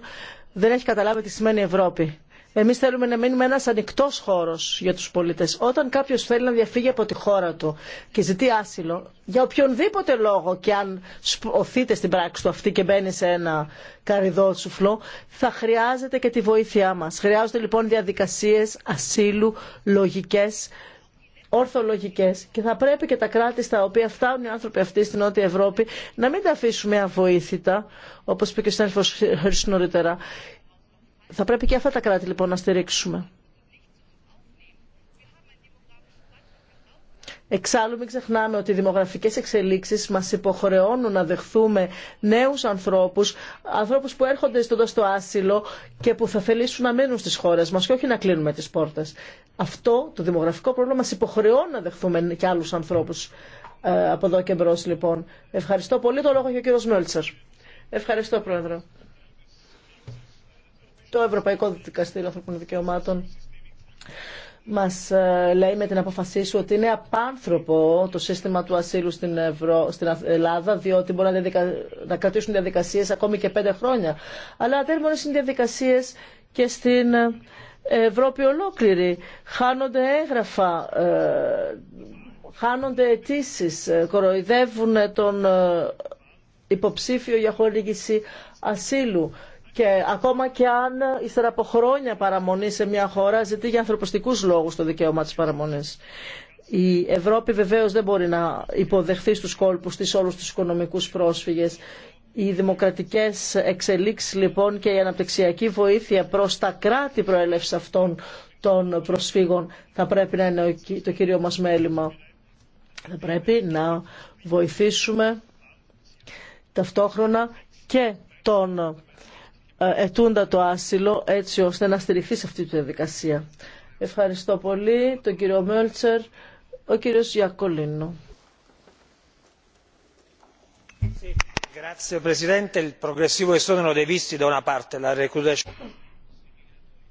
C: δεν έχει καταλάβει τι σημαίνει Ευρώπη. Εμείς θέλουμε να μείνουμε ένας ανοιχτός χώρος για τους πολίτες. Όταν κάποιος θέλει να διαφύγει από τη χώρα του και ζητεί άσυλο, για οποιονδήποτε λόγο και αν οθείται στην πράξη του αυτή και μπαίνει σε ένα καριδότσουφλο, θα χρειάζεται και τη βοήθειά μας. Χρειάζονται λοιπόν διαδικασίες ασύλου, λογικές, ορθολογικές και θα πρέπει και τα κράτη στα οποία φτάνουν οι άνθρωποι αυτοί στην Νότια Ευρώπη να μην τα αφήσουμε αβοήθητα, όπως είπε και ο Σέρφος νωρίτερα. Θα πρέπει και αυτά τα κράτη λοιπόν να στηρίξουμε. Εξάλλου μην ξεχνάμε ότι οι δημογραφικές εξελίξεις μας υποχρεώνουν να δεχθούμε νέους ανθρώπους, ανθρώπους που έρχονται στον στο άσυλο και που θα θελήσουν να μείνουν στις χώρες μας και όχι να κλείνουμε τις πόρτες. Αυτό το δημογραφικό πρόβλημα μας υποχρεώνει να δεχθούμε και άλλους ανθρώπους ε, από εδώ και μπρος λοιπόν. Ευχαριστώ πολύ. Το λόγο έχει ο κύριος Μέλτσερ. Ευχαριστώ πρόεδρο. Το Ευρωπαϊκό Δικαστήριο Ανθρωπίνων Δικαιωμάτων μας ε, λέει με την αποφασή σου ότι είναι απάνθρωπο το σύστημα του ασύλου στην, Ευρω... στην Ελλάδα διότι μπορεί να, διαδικα... να κρατήσουν διαδικασίες ακόμη και πέντε χρόνια. Αλλά δεν να είναι διαδικασίες και στην Ευρώπη ολόκληρη. Χάνονται έγγραφα, ε, χάνονται αιτήσει, ε, κοροϊδεύουν τον υποψήφιο για χορήγηση ασύλου και ακόμα και αν ύστερα από χρόνια παραμονή σε μια χώρα ζητεί για ανθρωπιστικούς λόγους το δικαίωμα της παραμονής. Η Ευρώπη βεβαίω δεν μπορεί να υποδεχθεί στου κόλπους τη όλου του οικονομικού πρόσφυγες. Οι δημοκρατικές εξελίξει λοιπόν και η αναπτυξιακή βοήθεια προς τα κράτη προέλευση αυτών των προσφύγων θα πρέπει να είναι το κύριο μας μέλημα. Θα πρέπει να βοηθήσουμε ταυτόχρονα και τον ε, ετούντα το άσυλο έτσι ώστε να στηριχθεί σε αυτή τη διαδικασία. Ευχαριστώ πολύ τον κύριο Μέλτσερ, ο κύριος Γιακολίνο.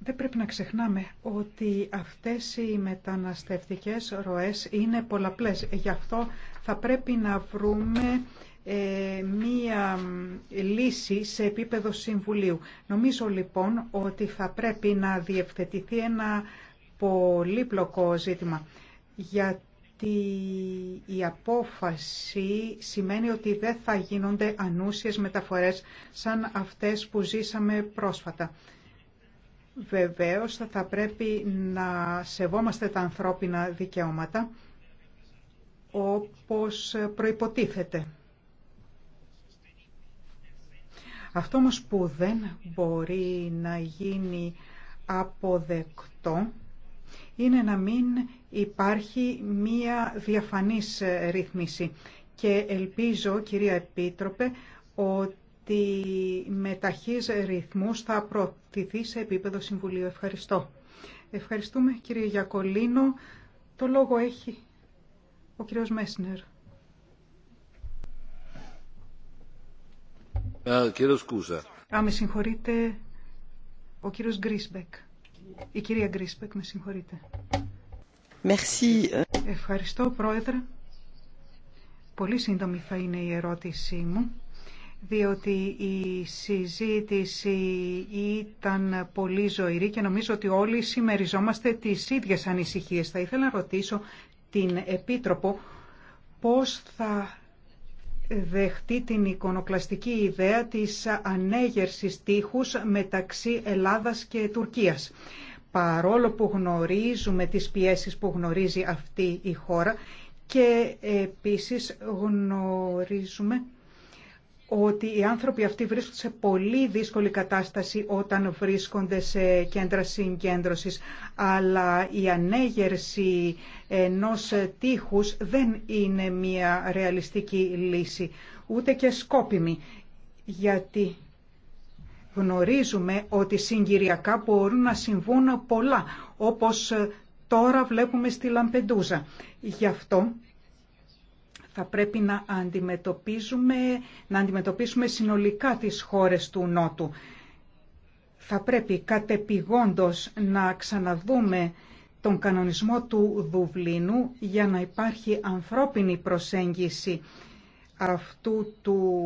B: Δεν πρέπει να ξεχνάμε ότι αυτές οι μεταναστευτικές ροές είναι πολλαπλές. Γι' αυτό θα πρέπει να βρούμε ε, μία λύση σε επίπεδο Συμβουλίου. Νομίζω λοιπόν ότι θα πρέπει να διευθετηθεί ένα πολύπλοκο ζήτημα, γιατί η απόφαση σημαίνει ότι δεν θα γίνονται ανούσιες μεταφορές σαν αυτές που ζήσαμε πρόσφατα. Βεβαίως θα πρέπει να σεβόμαστε τα ανθρώπινα δικαιώματα όπως προϋποτίθεται. Αυτό όμως που δεν μπορεί να γίνει αποδεκτό είναι να μην υπάρχει μία διαφανής ρύθμιση. Και ελπίζω, κυρία Επίτροπε, ότι με ταχύς ρυθμούς θα προωθηθεί σε επίπεδο Συμβουλίου. Ευχαριστώ. Ευχαριστούμε, κύριε Γιακολίνο. Το λόγο έχει ο κύριος Μέσνερ. Α, με συγχωρείτε, ο κύριος Γκρίσμπεκ. Η κυρία Γκρίσπεκ, με συγχωρείτε. Ευχαριστώ, Πρόεδρε. Πολύ σύντομη θα είναι η ερώτησή μου, διότι η συζήτηση ήταν πολύ ζωηρή και νομίζω ότι όλοι συμμεριζόμαστε τις ίδιες ανησυχίες. Θα ήθελα να ρωτήσω την Επίτροπο πώς θα δεχτεί την εικονοκλαστική ιδέα της ανέγερσης τείχους μεταξύ Ελλάδας και Τουρκίας. Παρόλο που γνωρίζουμε τις πιέσεις που γνωρίζει αυτή η χώρα και επίσης γνωρίζουμε ότι οι άνθρωποι αυτοί βρίσκονται σε πολύ δύσκολη κατάσταση όταν βρίσκονται σε κέντρα συγκέντρωσης, αλλά η ανέγερση ενός τείχους δεν είναι μια ρεαλιστική λύση, ούτε και σκόπιμη, γιατί γνωρίζουμε ότι συγκυριακά μπορούν να συμβούν πολλά, όπως τώρα βλέπουμε στη Λαμπεντούζα. Γι' αυτό θα πρέπει να αντιμετωπίζουμε, να αντιμετωπίσουμε συνολικά τις χώρες του Νότου. Θα πρέπει κατεπηγόντως να ξαναδούμε τον κανονισμό του Δουβλίνου για να υπάρχει ανθρώπινη προσέγγιση αυτού του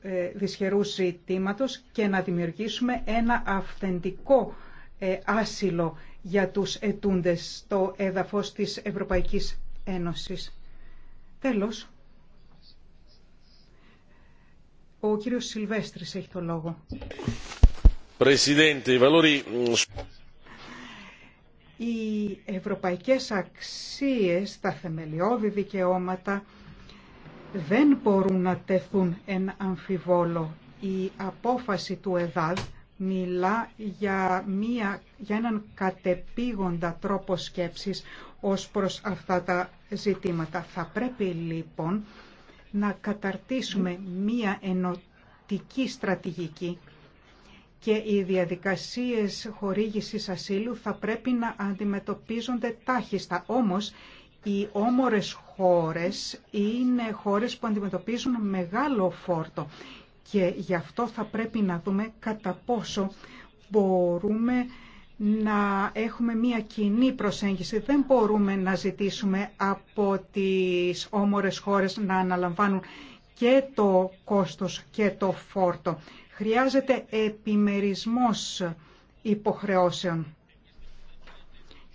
B: ε, δυσχερού ζητήματο και να δημιουργήσουμε ένα αυθεντικό ε, άσυλο για τους ετούντες στο έδαφος της Ευρωπαϊκής Ένωσης. Τέλος, ο κύριος Σιλβέστρης έχει το λόγο.
A: Mm,
B: Οι ευρωπαϊκές αξίες, τα θεμελιώδη δικαιώματα δεν μπορούν να τεθούν εν αμφιβόλο. Η απόφαση του ΕΔΑΔ μιλά για, μία, για έναν κατεπήγοντα τρόπο σκέψης ως προς αυτά τα ζητήματα. Θα πρέπει λοιπόν να καταρτήσουμε μία ενωτική στρατηγική και οι διαδικασίες χορήγησης ασύλου θα πρέπει να αντιμετωπίζονται τάχιστα. Όμως, οι όμορες χώρες είναι χώρες που αντιμετωπίζουν μεγάλο φόρτο και γι' αυτό θα πρέπει να δούμε κατά πόσο μπορούμε να έχουμε μία κοινή προσέγγιση. Δεν μπορούμε να ζητήσουμε από τις όμορες χώρες να αναλαμβάνουν και το κόστος και το φόρτο. Χρειάζεται επιμερισμός υποχρεώσεων.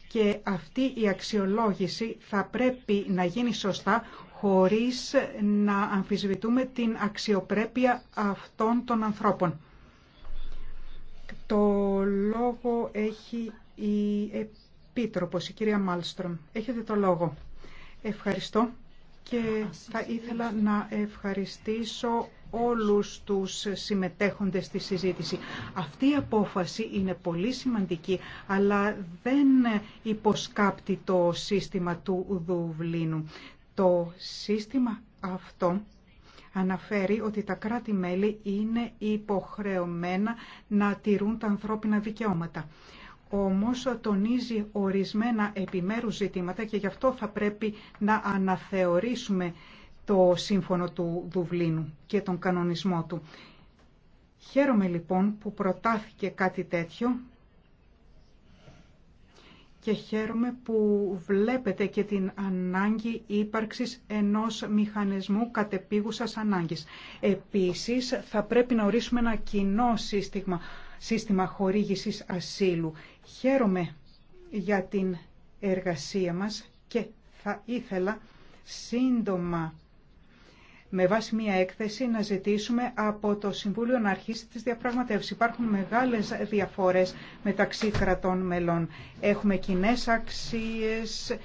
B: Και αυτή η αξιολόγηση θα πρέπει να γίνει σωστά χωρίς να αμφισβητούμε την αξιοπρέπεια αυτών των ανθρώπων. Το λόγο έχει η Επίτροπος, η κυρία Μάλστρομ. Έχετε το λόγο. Ευχαριστώ και θα ήθελα να ευχαριστήσω όλους τους συμμετέχοντες στη συζήτηση. Αυτή η απόφαση είναι πολύ σημαντική, αλλά δεν υποσκάπτει το σύστημα του Δουβλίνου. Το σύστημα αυτό αναφέρει ότι τα κράτη-μέλη είναι υποχρεωμένα να τηρούν τα ανθρώπινα δικαιώματα. Όμως τονίζει ορισμένα επιμέρους ζητήματα και γι' αυτό θα πρέπει να αναθεωρήσουμε το σύμφωνο του Δουβλίνου και τον κανονισμό του. Χαίρομαι λοιπόν που προτάθηκε κάτι τέτοιο και χαίρομαι που βλέπετε και την ανάγκη ύπαρξης ενός μηχανισμού κατεπίγουσας ανάγκης. Επίσης, θα πρέπει να ορίσουμε ένα κοινό σύστημα, σύστημα χορήγησης ασύλου. Χαίρομαι για την εργασία μας και θα ήθελα σύντομα με βάση μια έκθεση να ζητήσουμε από το Συμβούλιο να αρχίσει τις διαπραγματεύσεις. Υπάρχουν μεγάλες διαφορές μεταξύ κρατών μελών. Έχουμε κοινέ αξίες,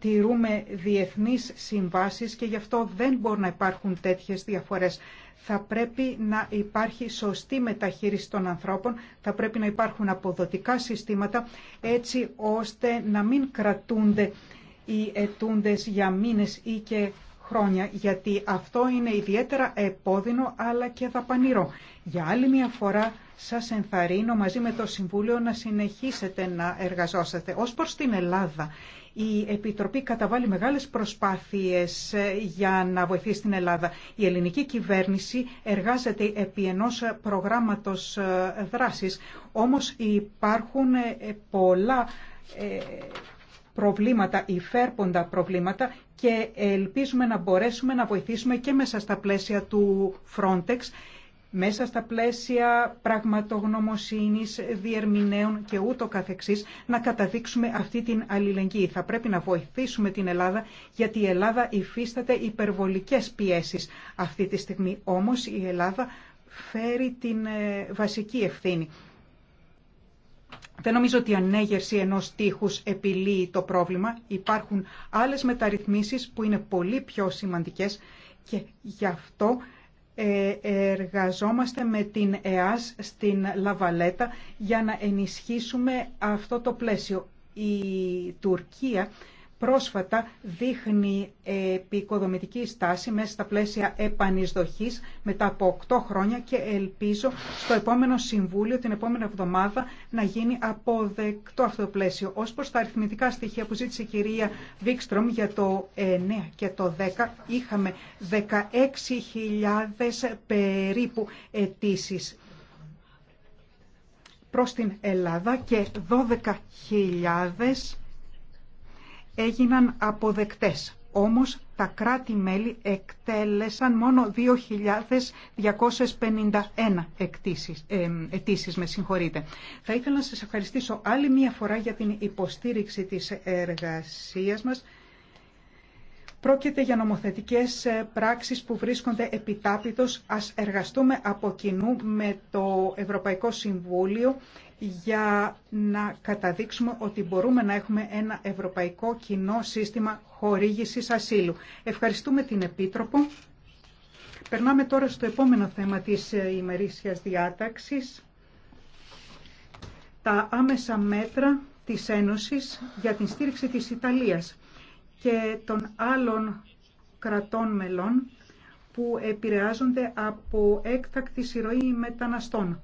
B: τηρούμε διεθνείς συμβάσεις και γι' αυτό δεν μπορούν να υπάρχουν τέτοιες διαφορές. Θα πρέπει να υπάρχει σωστή μεταχείριση των ανθρώπων, θα πρέπει να υπάρχουν αποδοτικά συστήματα έτσι ώστε να μην κρατούνται οι ετούντες για μήνες ή και γιατί αυτό είναι ιδιαίτερα επώδυνο αλλά και δαπανηρό. Για άλλη μια φορά σας ενθαρρύνω μαζί με το Συμβούλιο να συνεχίσετε να εργαζόσαστε. Ως προς την Ελλάδα, η Επιτροπή καταβάλει μεγάλες προσπάθειες ε, για να βοηθήσει την Ελλάδα. Η ελληνική κυβέρνηση εργάζεται επί ενός προγράμματος ε, δράσης, όμως υπάρχουν ε, πολλά προβλήματα, υφέρποντα προβλήματα και ελπίζουμε να μπορέσουμε να βοηθήσουμε και μέσα στα πλαίσια του Frontex, μέσα στα πλαίσια πραγματογνωμοσύνης, διερμηνέων και ούτω καθεξής, να καταδείξουμε αυτή την αλληλεγγύη. Θα πρέπει να βοηθήσουμε την Ελλάδα, γιατί η Ελλάδα υφίσταται υπερβολικές πιέσεις αυτή τη στιγμή. Όμως η Ελλάδα φέρει την ε, βασική ευθύνη δεν νομίζω ότι η ανέγερση ενός τείχους επιλύει το πρόβλημα. Υπάρχουν άλλες μεταρρυθμίσεις που είναι πολύ πιο σημαντικές και γι' αυτό ε, εργαζόμαστε με την ΕΑΣ στην Λαβαλέτα για να ενισχύσουμε αυτό το πλαίσιο. Η Τουρκία πρόσφατα δείχνει επικοδομητική στάση μέσα στα πλαίσια επανεισδοχής μετά από 8 χρόνια και ελπίζω στο επόμενο Συμβούλιο την επόμενη εβδομάδα να γίνει αποδεκτό αυτό το πλαίσιο. Ως προς τα αριθμητικά στοιχεία που ζήτησε η κυρία Βίκστρομ για το 9 και το 10 είχαμε 16.000 περίπου αιτήσει προς την Ελλάδα και 12.000 έγιναν αποδεκτές. Όμως τα κράτη-μέλη εκτέλεσαν μόνο 2.251 εκτίσεις, ε, αιτήσεις. Με συγχωρείτε. Θα ήθελα να σας ευχαριστήσω άλλη μία φορά για την υποστήριξη της εργασίας μας. Πρόκειται για νομοθετικές ε, πράξεις που βρίσκονται επιτάπητος. Ας εργαστούμε από κοινού με το Ευρωπαϊκό Συμβούλιο για να καταδείξουμε ότι μπορούμε να έχουμε ένα ευρωπαϊκό κοινό σύστημα χορήγησης ασύλου. Ευχαριστούμε την Επίτροπο. Περνάμε τώρα στο επόμενο θέμα της ε, ημερήσιας διάταξης. Τα άμεσα μέτρα της Ένωσης για την στήριξη της Ιταλίας και των άλλων κρατών μελών που επηρεάζονται από έκτακτη συρροή μεταναστών.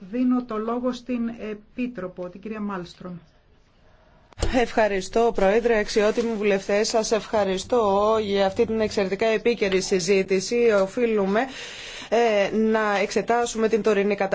B: Δίνω το λόγο στην Επίτροπο, την κυρία Μάλστρον.
A: Ευχαριστώ, Πρόεδρε. Αξιότιμοι βουλευτέ, σα ευχαριστώ για αυτή την εξαιρετικά επίκαιρη συζήτηση. Οφείλουμε ε, να εξετάσουμε την τωρινή κατάσταση.